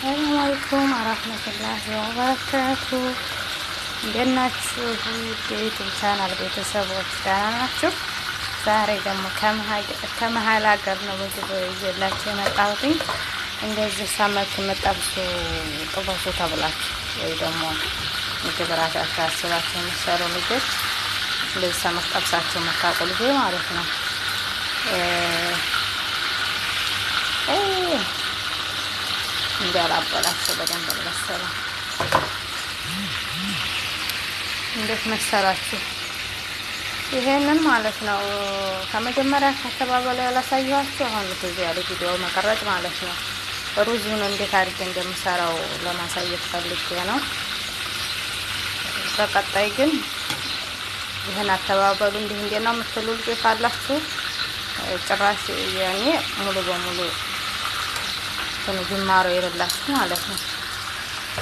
ሰላም አለይኩም ወራህመቱላሂ ወበረካቱ። እንዴት ናችሁ? የዩቲዩብ ቻናል ቤተሰቦች ደህና ናችሁ? ዛሬ ደግሞ ከመሀል ሀገር ነው ምግብ ይዤላችሁ የመጣሁት። እንደዚህ ሳመት የምጠብሱ ጥበሱ ተብላችሁ ወይ ደግሞ ምግብ ራሳችሁ አስባችሁ የምትሰሩ ልጆች እንደዚህ ሳመት ጠብሳችሁ የምታውቁ ልጆች ማለት ነው እንዳላበላቸው በደንብ መሰላ። እንዴት መሰላችሁ? ይሄንን ማለት ነው ከመጀመሪያ ከተባበሉ ያላሳየኋችሁ አሁን ጊዜ ያለ ቪዲዮ መቀረጥ ማለት ነው። ሩዙን እንዴት አድርጌ እንደምሰራው ለማሳየት ፈልጌ ነው። በቀጣይ ግን ይህን አተባበሉ እንዲህ እንዴት ነው የምትሉ ልጆች አላችሁ። ጭራሽ የኔ ሙሉ በሙሉ ለእናንተ ጅማሮ የሌላችሁ ማለት ነው።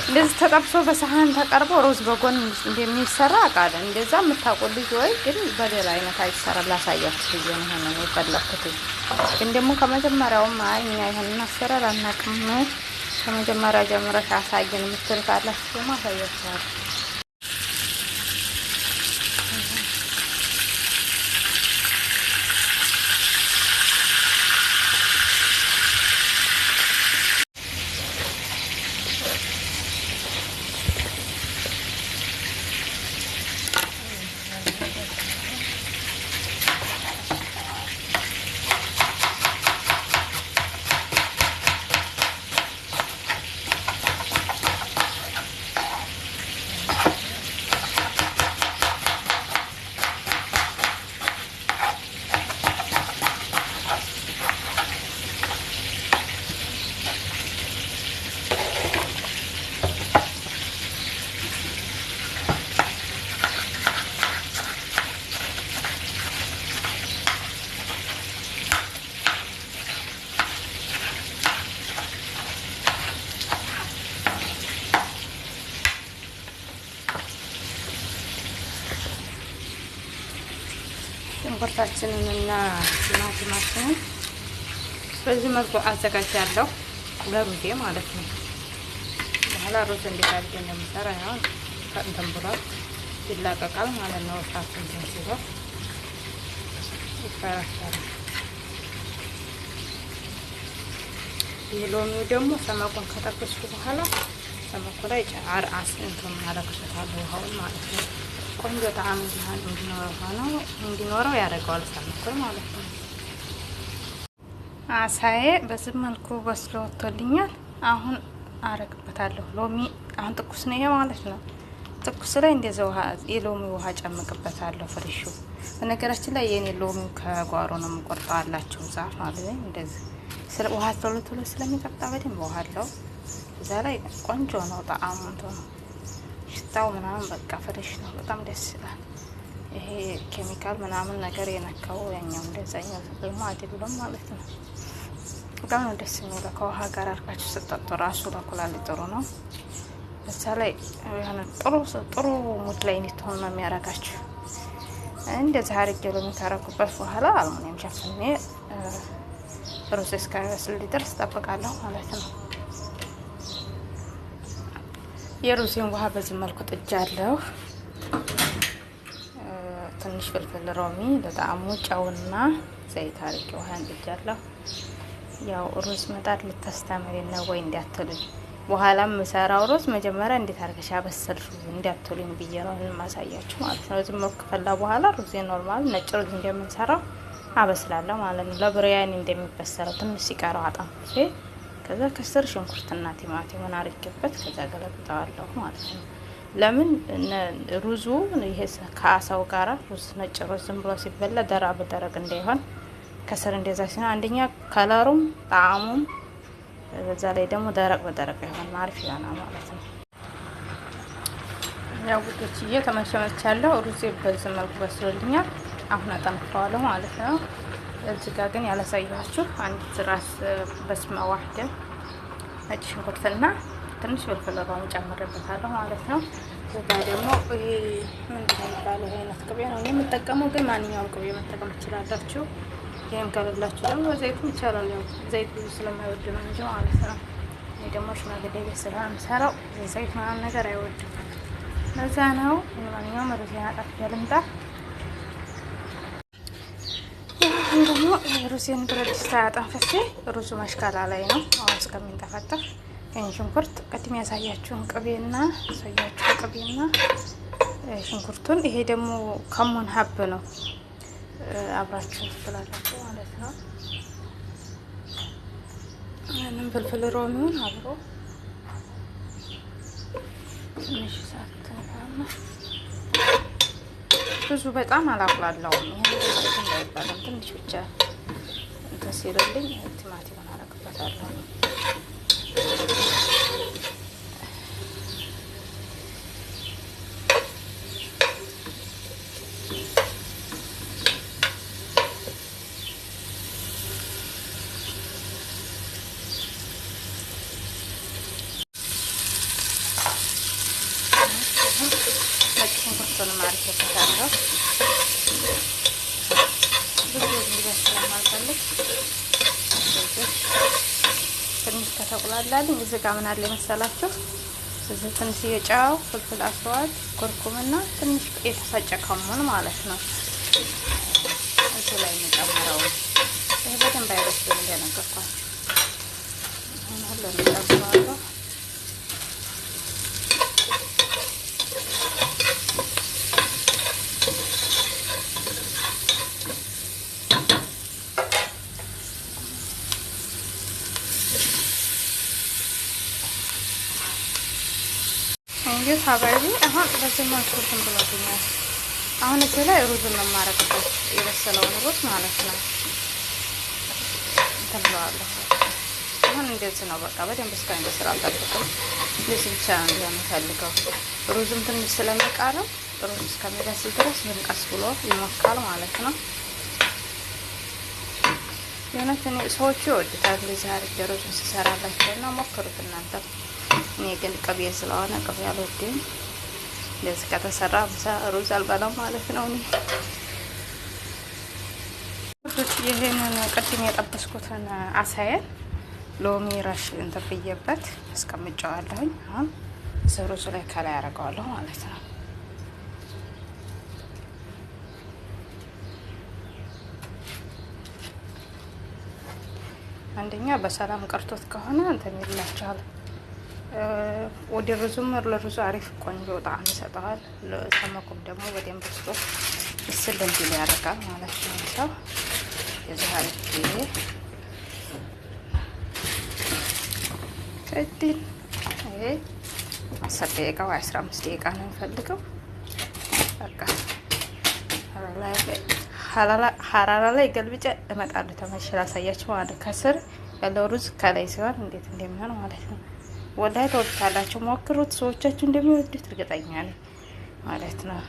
እንደዚህ ተጠብሶ በሰሀን ተቀርቦ ሩዝ በጎን እንደሚሰራ አውቃለሁ። እንደዛ የምታውቁ ልጅ ወይ ግን በሌላ አይነት አይሰራ ላሳያችሁ ብዬ ነው ሆነ የፈለኩት። ግን ደግሞ ከመጀመሪያውም አይ እኛ ይህንን አሰራር አናውቅም ከመጀመሪያ ጀምረሽ አሳየን የምትል ካላችሁ ደግሞ አሳያችኋለሁ። ሽንኩርታችንን እና ቲማቲማችንን በዚህ መልኩ አዘጋጃለሁ። ለሩዜ ማለት ነው። በኋላ ሩዝ እንዴት አድርጌ እንደምሰራ ያው ከእንትን ብሏል ይላቀቃል ማለት ነው። እሳት እንትን ሲለው ይፈራፈራል። የሎሚው ደግሞ ሰመቁን ከጠበስኩ በኋላ ሰመቁ ላይ ጫር አስንቱን ያለክሱታል ውሃውን ማለት ነው። ቆንጆ ጣዕም እንዲኖረው እንዲኖረው ያደርገዋል። ማለት ነው። አሳዬ በዚህ መልኩ በስሎ ወጥቶልኛል። አሁን አረግበታለሁ ሎሚ። አሁን ትኩስ ነው ይሄ ማለት ነው። ትኩስ ላይ እንደዚ ውሃ የሎሚ ውሃ ጨምቅበታለሁ። ፍሬሹ በነገራችን ላይ የኔ ሎሚ ከጓሮ ነው የምቆርጠው አላቸው ዛፍ ማለት ነው። እንደዚህ ውሃ ቶሎ ቶሎ ስለሚጠጣ በደንብ ውሃ አለው። እዛ ላይ ቆንጆ ነው ጣዕሙ ነው ሽታው ምናምን በቃ ፍሬሽ ነው። በጣም ደስ ይላል። ይሄ ኬሚካል ምናምን ነገር የነካው ያኛው እንደዛኛው ተጠቅሞ አይደለም ማለት ነው። በጣም ነው ደስ የሚለው። ከውሃ ጋር አድርጋችሁ ስጠጡ ራሱ ለኩላሊት ጥሩ ነው። በዛ ላይ የሆነ ጥሩ ጥሩ ሙድ ላይ እንድትሆኑ ነው የሚያረጋችሁ። እንደዛ አድርጌ በሚታረጉበት በኋላ አልሙኒየም ሸፍኔ ሩዝ እስከሚበስል ሊደርስ ጠብቃለሁ ማለት ነው። የሩዝን ውሃ በዚህ መልኩ ጥጃለሁ። ትንሽ ፍልፍል ሮሚ ለጣዕሙ ጨውና ዘይት አድርጌ ውሃን ጥጃለሁ። ያው ሩዝ ምጣድ ልታስተምሪ ነው ወይ እንዲያትሉኝ፣ በኋላ ምሰራው ሩዝ መጀመሪያ እንዴት አርገሻ አበሰልሹ እንዲያትሉኝ ብዬ ነው የማሳያችሁ ማለት ነው። ዝም ከፈላ በኋላ ሩዜ ኖርማል ነጭ ሩዝ እንደምንሰራው አበስላለሁ ማለት ነው። ለብሪያኒ እንደሚበሰለው ትንሽ ሲቀረው አጣም ከዛ ከስር ሽንኩርትና ቲማቲሙን አርጌበት ከዛ ገለብጠዋለሁ ማለት ነው። ለምን ሩዙ ይሄ ከአሳው ጋር ሩዝ ነጭ ሩዝ ዝም ብሎ ሲበላ ደራ በደረቅ እንዳይሆን ከስር እንደዛ ሲሆን አንደኛ ከለሩም ጣዕሙም በዛ ላይ ደግሞ ደረቅ በደረቅ ይሆን ማሪፍ ይሆናል ማለት ነው። ያው ውዶችዬ ያለው ሩዜ በዚህ መልኩ በስሎልኛል። አሁን አጠንክረዋለሁ ማለት ነው። እዚህ ጋር ግን ያላሳየኋችሁ አንዲት ራስ በስመ ዋህደ ነጭ ሽንኩርትና ትንሽ ፍልፍል ሮም ጨምርበታለሁ ማለት ነው። እዛ ደግሞ ይሄ ምንድን ነው የሚባለው አይነት ቅቤ ነው የምጠቀመው፣ ግን ማንኛውም ቅቤ መጠቀም ትችላላችሁ። ይህም ከሌላችሁ ደግሞ ዘይቱም ይቻላል። ያው ዘይቱ ስለማይወድ ነው እንጂ ማለት ነው። እኔ ደግሞ ሽማግሌ ቤት ስለሆነ የምሰራው ዘይት ምናምን ነገር አይወድም። ለዛ ነው ማንኛውም ሩዝ ያጣፍ ያልምጣ ደግሞ ሩዝን ብረት ድስት አጠንፍሴ ሩዙ መሽከላ ላይ ነው። አሁን እስከሚንጠፈጠፍ ይህን ሽንኩርት ቅድም ያሳያችሁን ቅቤና ያሳያችሁን ቅቤና ሽንኩርቱን ይሄ ደግሞ ከሙን ሀብ ነው። አብራችሁ ትላላችሁ ማለት ነው። ምንም ፍልፍል ሮሚውን አብሮ ትንሽ ሰዓት ብዙ በጣም አላቁላለውም። ይህን ትንሽ ብቻ እንትን ሲልልኝ ቲማቲምን አረግበታለሁ። እሱንም አርጌበታለሁ። ብዙ እንዲበስል ማልፈልግ ትንሽ ከተቁላላልኝ እዚህ ጋር ምን አለ መሰላችሁ? እዚህ ትንሽ የጨው ፍልፍል አስዋድ ኩርኩምና ትንሽ የተፈጨ ከሙን ማለት ነው። እዚህ ላይ የሚጨምረው ይህ በደንብ አይበስልም ሁሉ እንጨምረዋለሁ እንግዲህ ሀባይቢ አሁን በዚህ መልኩ እንትን አሁን እዚህ ላይ ሩዝ ነው የማረግበት የበሰለውን ሩዝ ማለት ነው። እንትን ብለዋለሁ። አሁን እንደዚህ ነው በቃ በደንብ እስካሁን በስራ አልጠብቅም። እንደዚህ ብቻ ነው እንዲሆን ፈልገው ትንሽ ስለሚቃረብ ሩዝ እስከሚበስል ድረስ ልንቀስ ብሎ ይሞካል ማለት ነው። የእውነት እኔ ሰዎቹ ይወዱታል። እንደዚህ አሪፍ ዶሮ ስሰራላቸው እና ሞክሩት እናንተ። እኔ ግን ቅቤ ስለሆነ ቅቤ አልወድም። እንደዚህ ከተሰራ ብሳ ሩዝ አልበላም ማለት ነው። እኔ ይህንን ቅድም የጠበስኩትን አሳየን ሎሚ ረሽ እንትን ብዬበት አስቀምጨዋለሁኝ። አሁን ሩዙ ላይ ከላይ ያደርገዋለሁ ማለት ነው። አንደኛ በሰላም ቀርቶት ከሆነ እንትን ይላችኋል። ወደ ሩዙም ለሩዙ አሪፍ ቆንጆ ጣዕም ይሰጠዋል። ሰመኩም ደግሞ በደንብ ስጦ ምስል እንዲል ያደርጋል ማለት ነው። ሰው የዚህ ጊዜ ቅድል ይሄ አስር ደቂቃ ወይ አስራ አምስት ደቂቃ ነው የሚፈልገው በቃ ላይ ሀራራ ላይ ገልብጨ እመጣለሁ። ተመልሼ ላሳያችሁ ማለት ከስር ያለው ሩዝ ከላይ ሲሆን እንዴት እንደሚሆን ማለት ነው። ወላሂ ተወዱታላችሁ። ሞክሩት። ሰዎቻችሁ እንደሚወዱት እርግጠኛ ነኝ ማለት ነው።